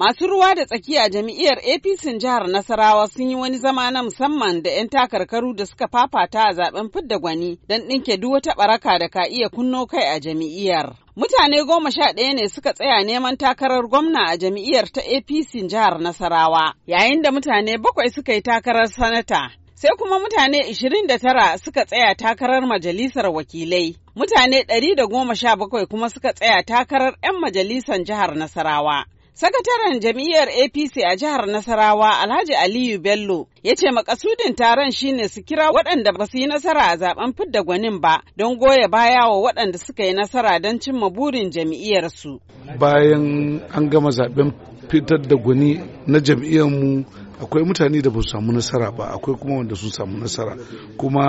Masu ruwa da tsakiya jami'iyar APC jihar Nasarawa sun yi wani zama na musamman da 'yan takarkaru da suka fafata a zaben fidda gwani don ɗinke duk wata ɓaraka da ka iya kunno kai a jami'iyar. Mutane goma sha ɗaya ne suka tsaya neman takarar gwamna a jami'iyar ta APC jihar Nasarawa, yayin da mutane bakwai suka yi takarar sanata. sai kuma mutane da tara suka tsaya takarar majalisar wakilai. Mutane ɗari da goma sha bakwai kuma suka tsaya takarar 'yan majalisar jihar Nasarawa. Sakataren jam'iyyar APC a jihar Nasarawa Alhaji Aliyu Bello ya ce makasudin taron shine su kira waɗanda ba su yi nasara a zaben fidda gwanin ba don goya baya wa waɗanda suka yi nasara don cimma burin jam'iyyarsu. Bayan an gama zaben fitar da gwani na jam'iyyarmu akwai mutane da ba su samu nasara ba akwai kuma wanda sun samu nasara kuma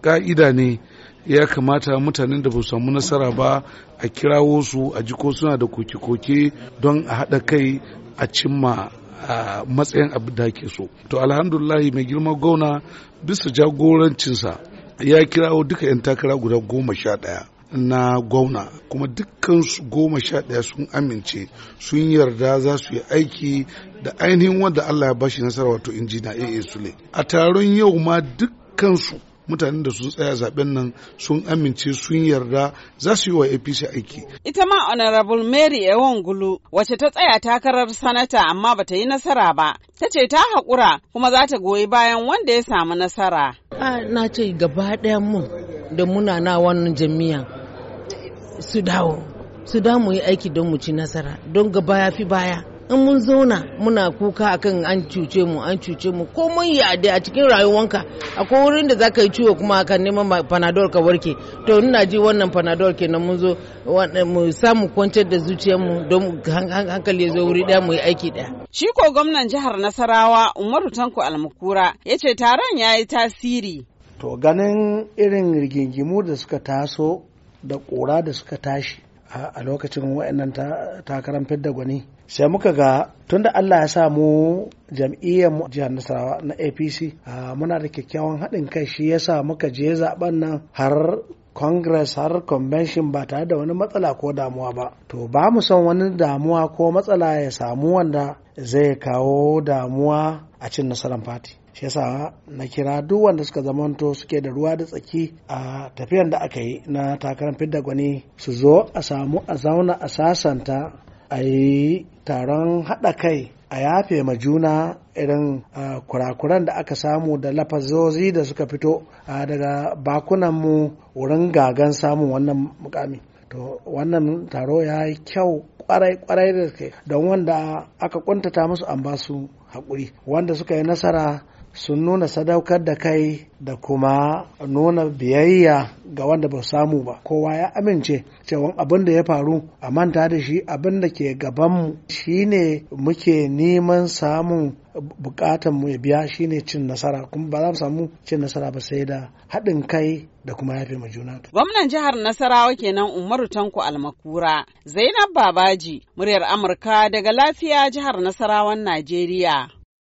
ka'ida ne ya kamata mutanen da ba su samu nasara ba a kirawo su a ji ko suna da koke-koke don a haɗa kai a cimma a matsayin abu da ke so to alhamdulahi mai girma gauna bisa jagorancinsa ya kirawo duka 'yan takara guda goma sha ɗaya na gwamna kuma dukkan goma sha ɗaya sun amince sun yarda za su yi aiki da ainihin wanda Allah ya bashi nasara wato injina AA Sule a taron yau ma dukkansu mutanen da sun tsaya zaben nan sun amince sun yarda za su yi wa apc aiki ita ma honorable mary ewangulu wacce ta tsaya takarar sanata amma ba ta yi nasara ba ta ce ta haƙura kuma za ta goyi bayan wanda ya samu nasara ah, na ce gaba ɗayan mu da muna na wannan jami'an. su dawo su da mu yi aiki don mu ci nasara don ga baya fi baya in mun zauna muna kuka akan an cuce mu an cuce mu ko mun yi a cikin rayuwanka akwai wurin da zaka yi ciwo kuma akan neman panadol ka warke to ina ji wannan panadol kenan mun zo mu samu kwantar da zuciyar mu don hankali ya zo wuri daya mu yi aiki daya shi ko gwamnan jihar Nasarawa Umaru Tanko Almakura yace taron ya yi tasiri to ganin irin rigingimu da suka taso da ƙura da suka tashi a lokacin wa'annan takarar fidda gwani sai muka ga tunda Allah ya samu jam'iyyar mu jihar Nasarawa na APC muna da kyakkyawan haɗin kai shi yasa muka je zaben nan har congress har convention ba tare da wani matsala ko damuwa ba to ba mu son wani damuwa ko matsala ya samu wanda zai kawo damuwa a cin nasarar fati shi yasa na kira duk wanda suka zamanto suke da ruwa da tsaki a tafiyar da aka yi na takarar fidda gwani su zo a samu a zauna a sasanta a yi taron haɗa kai a yafe ma juna irin kurakuran da aka samu da lafazozi da suka fito daga bakunanmu wurin gagan samun wannan mukami to wannan taro ya yi kyau kwarai-kwarai da don wanda aka kuntata musu an ba su haƙuri wanda suka yi nasara sun nuna sadaukar da kai da kuma nuna biyayya ga wanda ba samu ba kowa ya amince cewa abin da ya faru a manta da shi abin da ke gabanmu shine muke neman samun bukatan mu ya biya shine cin nasara kuma ba za mu samu cin nasara ba sai da haɗin kai da kuma yafe ma juna. Gwamnan jihar Nasarawa kenan Umaru Tanko Almakura, Zainab Babaji, muryar Amurka daga lafiya jihar Nasarawan Najeriya.